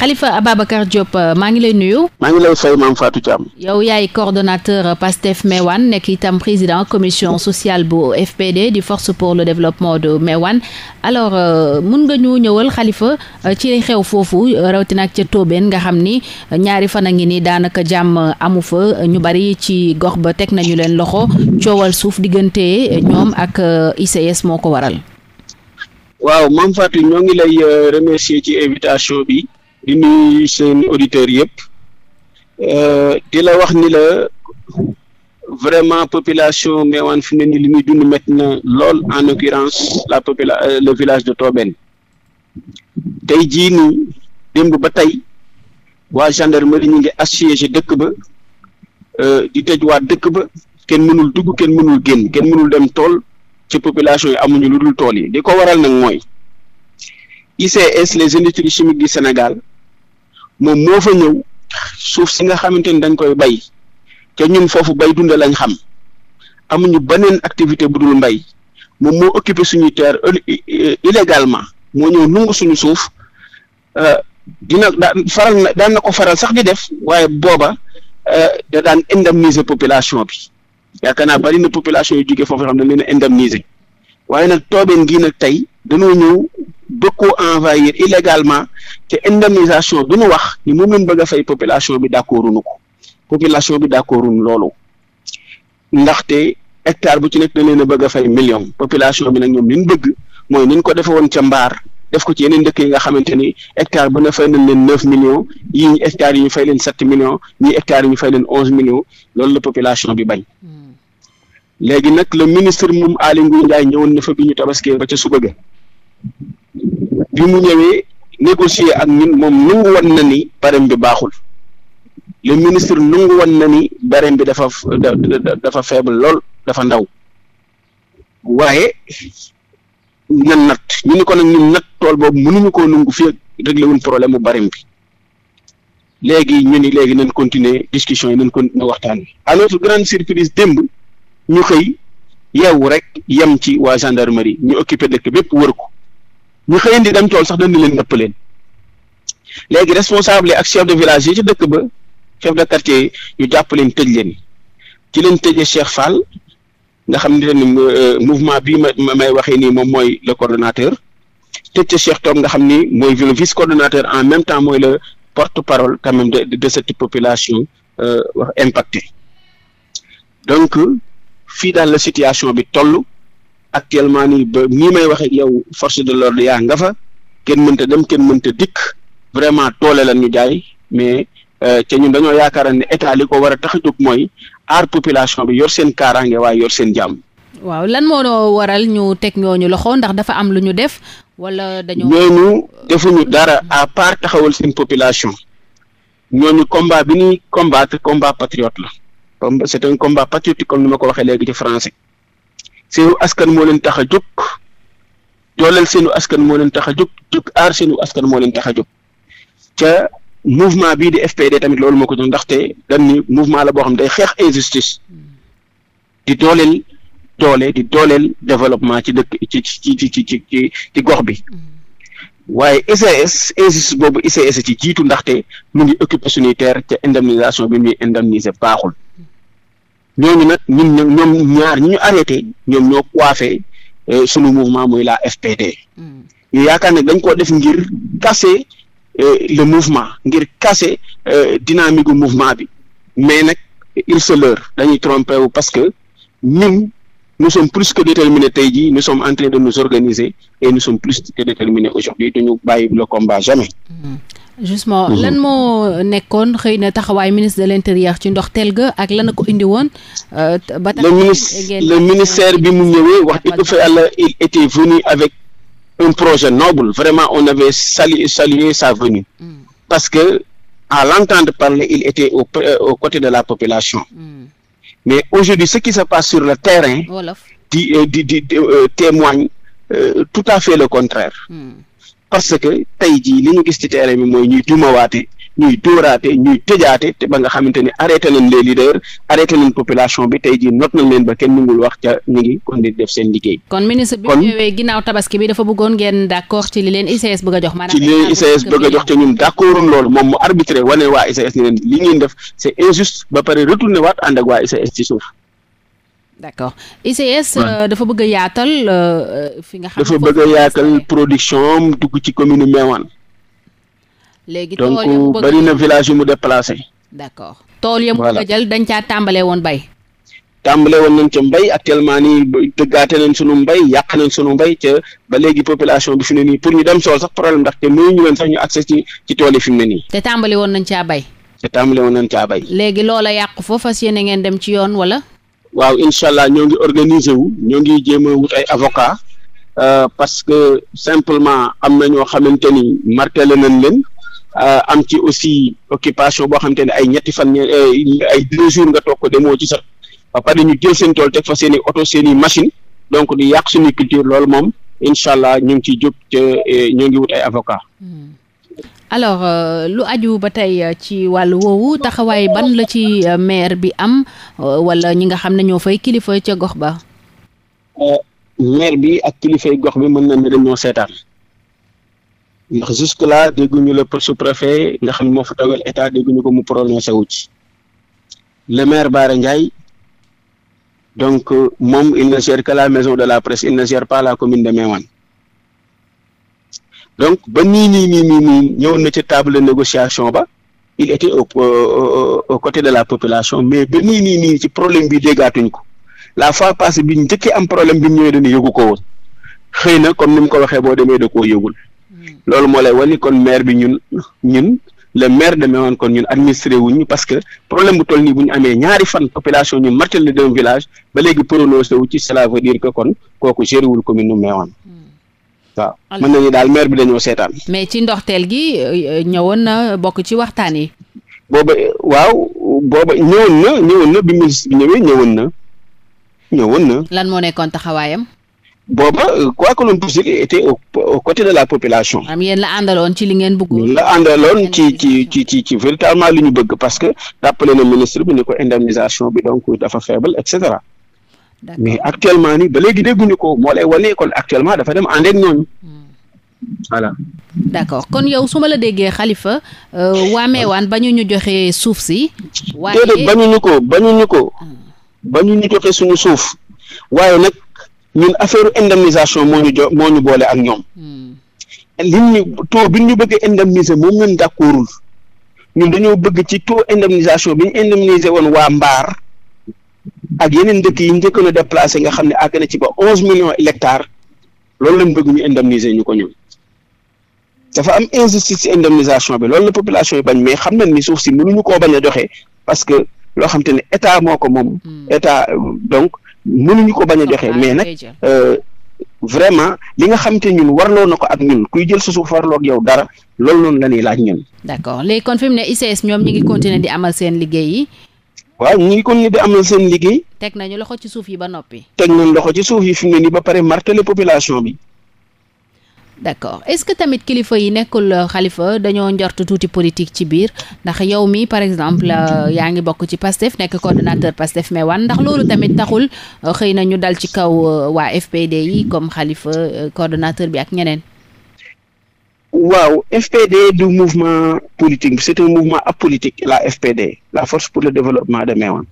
Khalifa Ababacar Diop euh, maa ngi lay nuyu. maa ngi lay fay maam Fatou Thiam. yow yaay coordonnateur euh, Pastef Mewane nekk itam président commission sociale bu FPD di force pour le développement de Mewane alors euh, mun nga ñu ñëwal xalifa ci xew foofu rawatina ak ca Tobène nga xam ni ñaari fan a ngi nii daanaka jàmm amu fa ñu bari ci gox ba teg nañu leen loxo coowal suuf diggante ñoom ak ICS moo ko waral. waaw maam Fatou ñoo ngi lay remercier ci invitation bi. di nuyu seen auditeurs yëpp euh, di la wax ni la vraiment population Mewane fi ne nii li muy dund métti na lool en l'occurrence la popula euh, le village de Tobène tey jii nii démb ba tey waa gendarmerie ñu ngi assiégé dëkk ba euh, di tëj waa dëkk ba kenn mënul dugg kenn mënul génn kenn mënul dem tool ci population yi amuñu lu dul tool yi li ko waral nag mooy ICS les industries chimiques du Sénégal moom moo fa ñëw suuf si nga xamante ni dañ koy bay te ñun foofu bay dunde lañ xam amuñu beneen activité bu dul mbay moom moo occupé suñuy terre euh, illégalement moo ñëw nungu suñu suuf euh, dina daan faral na daan na ko faral sax di def waaye booba euh, da daan indemniser population bi yaakaar naa bari na population yu jógee foofu xam ne leen indemniser waaye nag toobeen gii tey dañoo ñëw bëgg koo envahir illégalement te indemnisation du ñu wax ni mu lañ bëgg a fay population bi d'accorduñu ko population bi d'accorduñu loolu ndaxte hectare bu ci nekk na leen bëgg a fay million population bi nag ñoom li ñu bëgg mooy ni ko defee woon ca mbaar def ko ci yeneen dëkk yi nga xamante ni hectare bu ne fay nañ leen neuf millions yi ñu hectares yi ñu fay leen sept million ñii hectares yi ñu fay leen onze millions loolu la population bi bañ léegi nag le ministre moom Aly Ngouille Ndiaye ñëwoon na fa bi ñu ba ca bi mu ñëwee négocier ak ñun moom nangu wan na ni barème bi baaxul le ministre nangu wan na ni barème bi dafa dafa faible lool dafa ndaw waaye na nat ñu ni ko nag ñun nat tool boobu mënuñu koo nangu fii réglé wuñ problème bu barème bi léegi ñu ni léegi nañ continuer discussion yi nan continuer waxtaan bi à notre grande surprise démb ñu xëy yeewu rek yem ci waa gendarmerie ñu occupé dëkk bépp wër ko ñu xëyan di dem tool sax dañu leen nëpp leen léegi responsable ak chef de village yi ci dëkk ba chef de quartier yi ñu jàpp leen tëj leen ci leen tëjee Cheikh Fall nga xam ne ni euh, mouvement bi ma may waxee nii moom mooy le coordonnateur tëj ca Cheikh Top nga xam ni mooy le vice coordonnateur en même temps mooy le porte parole quand de de cette population euh, wax impactée donc fii daal la situation bi toll. actuellement nii ba may waxee ak yow force de l'ordre yaa nga fa kenn mënta dem kenn mënta dikk vraiment toole la ñu jaay mais ca euh, ñu dañoo yaakaar ne état li ko war a tax a jóg mooy aar population bi yor seen kaaraange waaye yor seen jàmm. waaw lan moo waral ñu teg ñooñu loxo ndax dafa am lu ñu def wala dañoo. ñooñu defuñu dara à part taxawal seen population ñooñu combat bi ñuy combattre combat patriote la. c'est un combat patriotique comme ni ma ko waxee léegi ci français. seenu askan moo leen tax a jóg dooleel seenu askan moo leen tax a jóg jóg aar seenu askan moo leen tax a jóg ca mouvement bii di FPD tamit loolu moo ko jox ndaxte dañ ni mouvement la boo xam day xeex injustice di dooleel doole di dooleel développement ci dëkk ci ci ci ci ci ci gox bi waaye ICS injustice boobu ICS ci jiitu ndaxte mu ngi occupé suñuy ca indemnisation bi muy indemniser baaxul. ñooñu nag ñun ñoom ñaar ñu ñu arrêté ñoom ñoo coiffé euh, sunu mouvement mooy la FPD. Hmm. ñu yaakaar ne dañ ko def ngir casser euh, le mouvement ngir casser euh, dynamique gu mouvement bi mais nag il se leurre dañuy trompé wu parce que ñun nous sommes plus que déterminés tey jii nous sommes en train de nous organiser et nous sommes plus que déterminés aujourd'hui duñu bàyyi le combat jamais. Hmm. justement mhm. lan moo nekkoon xëy na taxawaay ministre de l'intérieur ci ndox ndoxteel ga ak lan ko indi woon euh, ba tax le ministère bi mu ñëwee wax dëgg fa yàlla il était venu avec un projet noble vraiment on avait salué salué sa venue mm. parce que à l'entendre parler il était au euh, au côté de la population mm. mais aujourd'hui ce qui se passe sur le terrain euh, di di di témoigne tout à fait le contraire mm. parce que tey jii li ñu gis ci terrain bi mooy ñuy dumawaate ñuy dóoraate ñuy tëjaate te ba nga xamante ni arrêté nañ les leaders arrêté nañ population bi tey jii not nañ leen ba kenn nungul wax ca ñu ngi kon di def seen liggéey. kon ministre bi ñëwee ginnaaw tabaski bi dafa bëggoon ngeen d' accord ci li leen ICS bëgg a jox. maanaam ci li leen ICS bëgg a jox ñun d' accord moom mu arbitré wane waa ICS ni leen li ngeen def c' est ba pare retourné waat ànd ak waa ICS ci suuf. d'accord ICS euh, dafa bëgg a yaatal euh, euh, fi nga xam dafa bëgg a yaatal production mu dugg ci commune Mewane léegi donc bari na village yu mu déplacé d'accord tool ya mu bëgg a jël dañ caa tàmbale woon bay tàmbale woon nañ ca mbay actuellement nii tëggaate nañ sunu mbay yàq nañ sunu mbay ba léegi bi fi nii pour ñu dem sool sax problème ndaxte mënu ñu leen sax ñu accès ci ci fi mu ne nii te tàmbale woon nañ caa bay te tàmbale woon nañ caa bay léegi loola yàqu foofu fas yéene ngeen dem ci yoon wala waaw incha allah ñoo ngi organiser wu ñoo ngi jéem a wut ay avocat euh, parce que simplement am na ñoo xamante ni martelé nañ leen euh, am ci aussi occupation boo xamante ne ay ñetti fan euh, ay deux jours nga toog ko demoo ci sax ba pare ñu jël seen tool teg fa seeni i oto seen i machine donc di yàq suñu culture loolu moom incha allah ñu ngi ciy jóg te ñoo ngi wut ay avocat hmm. alors euh, lu aju ba tey euh, ci wàllu woowu taxawaay ban la ci euh, maire bi am wala ñi nga xam ne ñoo fay kilifa ca gox ba. maire bi ak kilifay gox bi mën na ne dañoo seetaan ndax jusque là dégguñu le sous-préfet nga xam ne moo fa toogal état dégguñu ko mu prononcé wu ci le maire Bara Ndiaye donc moom il ne gère que la maison de la presse il pas la commune de Mewane donc ba nii nii nii nii nii ñëwoon na ci table de négociation ba il était au côté de la population mais ba nii nii nii ci problème bi déggaatuñ ko la fois passée bi njëkkee am problème bi mu ñëwee dañu yëgu ko woon xëy na comme ni mu ko waxee boo demee da koo yëgul loolu moo lay wane kon maire bi ñun ñun le maire de Méouane kon ñun administré wuñu parce que problème bu toll nii bu ñu amee ñaari fan population ñu martel le d'un village ba léegi prononcé wu ci cela veut dire kon kooku géré wul commune nu waaw mën nañu daal maire bi dañoo seetaan. mais ci ndoxteel gi euh, ñëwoon na bokk ci waxtaan yi. booba waaw booba ñëwoon na ñëwoon na bi ministre bi ñëwee ñëwoon na ñëwoon na. lan moo nekkoon taxawaayam. booba euh, quoi que l'on puisse dire était au au de la population. am yéen la àndaloon ci li ngeen bëgg. la àndaloon ci ci ci ci ci véritablement li ñu bëgg parce que rappelé na ministre bi ni ko indemnisation bi donc dafa faible et cetera. mais actuellement ni ba léegi dégguñu ko moo lay wane kon actuellement dafa dem ànd ak ñooñu hmm. voilà. d' accord kon yow su ma la déggee xalifa euh, waameewaan bañu ñu joxe suuf si. waaye déedéet bañuñu ko bañuñu ko. Hmm. bañuñu joxe suuf waaye nag ñun affaire indemnisation moo ñu jo moo ñu boole ak ñoom. Hmm. liñ ñu taux bi ñu bëgg indemniser moom ñun d' accordul ñun dañoo bëgg ci taux indemnisation bi ñu indemniser woon waa Mbaar. ak yeneen dëkk yi njëkk njëkkoon a déplacé nga xam ne àgg na ci ba onze millions hectares loolu lañ bëgg ñu indemniser ñu ko ñun dafa am injustice ci indemnisation bi loolu la population yi bañ mais xam nañ ni suuf si mënuñu koo bañ a joxe parce que loo xam te ne état moo ko moom. Hmm. état donc mënuñu ko bañ a joxe mais nag. Euh, vraiment li nga xam te ñun warloo na ko ak ñun kuy jël sa suuf warloo ak yow dara loolu noonu la ñuy laaj ñun. d'accord léegi kon fi mu ne ICS di amal seen liggéey waaw ñu ngi kon ni di amal seen liggéey. teg nañu loxo ci suuf yi ba noppi. teg nañ loxo ci suuf yi fi mu ne nii ba pare martelé population bi. d'accord est-ce que tamit kilifa yi nekkul euh, xalifa dañoo njort tuuti politique ci biir ndax yow mi par exemple euh, yaa ngi bokk ci PASTEF nekk coordonnateur PASTEF Meouane ndax loolu tamit taxul euh, xëy nañu dal ci kaw waa FPD yi comme xalifa coordonnateur bi ak ñeneen. waaw FPD du mouvement politique c'est un mouvement politique la FPD la force pour le développement de Meouane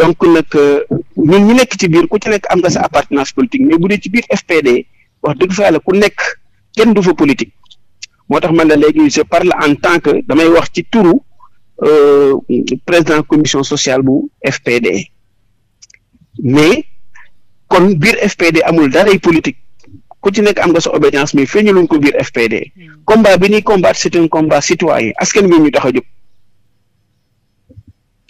donc nag euh, ñun ñu nekk ci biir ku ci nekk am nga sa appartenance politique mais bu dee ci biir FPD wax dëgg fa yàlla ku nekk kenn du fa politique moo tax man la léegi je parle en tant que damay wax ci turu euh, président commission sociale bu FPD mais kon biir FPD amul daray politique ku ci nekk am nga sa obédience mais feeñu luñ ko biir FPD hmm. combat bi ñuy combattre c'est un combat citoyen askan bi ñu tax a jóg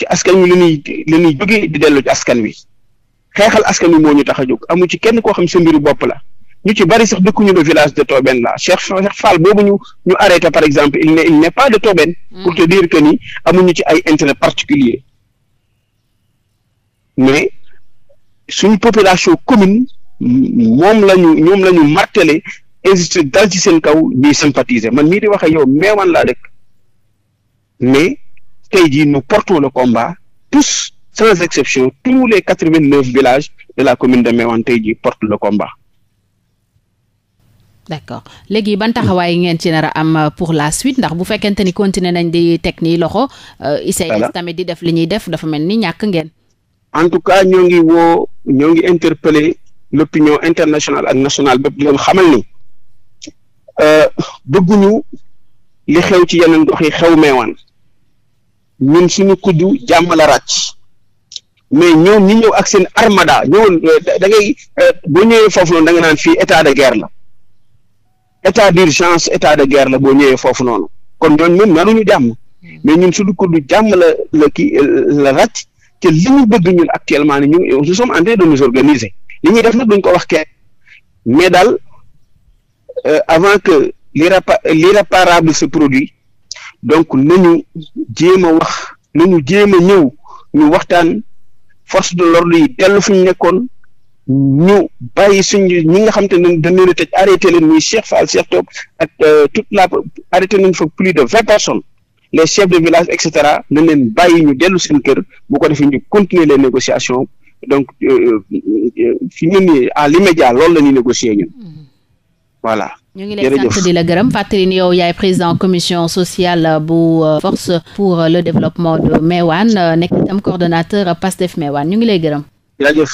ci askan wi la ñuy la ñuy jógee di dellu ci askan wi xeexal askan wi moo ñu tax a jóg amu ci kenn koo xam sa mbiru bopp la ñu ci bari sax dëkkuñu le village de Tobène la Cheikh Cheikh Fall boobu ñu ñu par exemple il n'est il n'est pas de Tobène hmm. pour te dire que ni amuñu ci ay intérêt particulier mais suñu population commune moom la ñu ñoom la ñu martelé insisté dal ci seen kaw ñuy sympathiser man mii di wax ak yow meewaan laa dëkk mais tey jii nu portons le combat tous sans exception tous les quatre vingt neuf villages de la commune de Mewane tey jii portent le combat. d'accord léegi ban taxawaay ngeen ci nar a am euh, pour la suite ndax bu fekkente ni continuer nañ di teg nii loxo. Euh, ICS tamit di def li ñuy def dafa mel ni ñàkk ngeen. en tout cas ñoo ngi woo ñoo ngi interpeller l'opinion internationale ak nationale bépp di leen xamal ni euh, bëgguñu li xew ci yeneen gox yi xew waan ñun suñu kuddu jàmm la ràcc mais ñoom ñu ñëw ak seen armada ñëwoon euh, da ngay euh, boo ñëwee foofu noonu da nga naan fii état de guerre la état d'urgence état de guerre la boo ñëwee foofu noonu kon ñooñu ñun nanuñu jàmm mais ñun suñu kuddu jàmm la la kii la ràcc te li ñu bëgg ñun actuellement ni ñu nous sommes en de nous organiser li ñuy def nag duñ ko wax kenn mais daal euh, avant que l'irréparable se produit donc nañu jéem a wax nañu jéem a ñëw ñu waxtaan force de l'ordre yi dellu fu ñu nekkoon ñu bàyyi suñ ñi nga xam te ne dañ leen a tëj arrêté leen muy Cheikh Fall Cheikh Top ak euh, toute la arrêté nañ fa plus de vingt personnes les chefs de village et cetera nañ leen bàyyi ñu dellu seen kër bu ko defee ñu continuer les négociations donc euh, euh, euh, fi mu ne à l'immédiat loolu la ñuy négocier ñun mm-hmm. voilà. ñu ngi la sant di la gërëm fàttali ni yow yaay président commission sociale bu force pour le développement de Meouane nekk dem itam coordonnateur Pastef Meouane ñu ngi lay gërëm.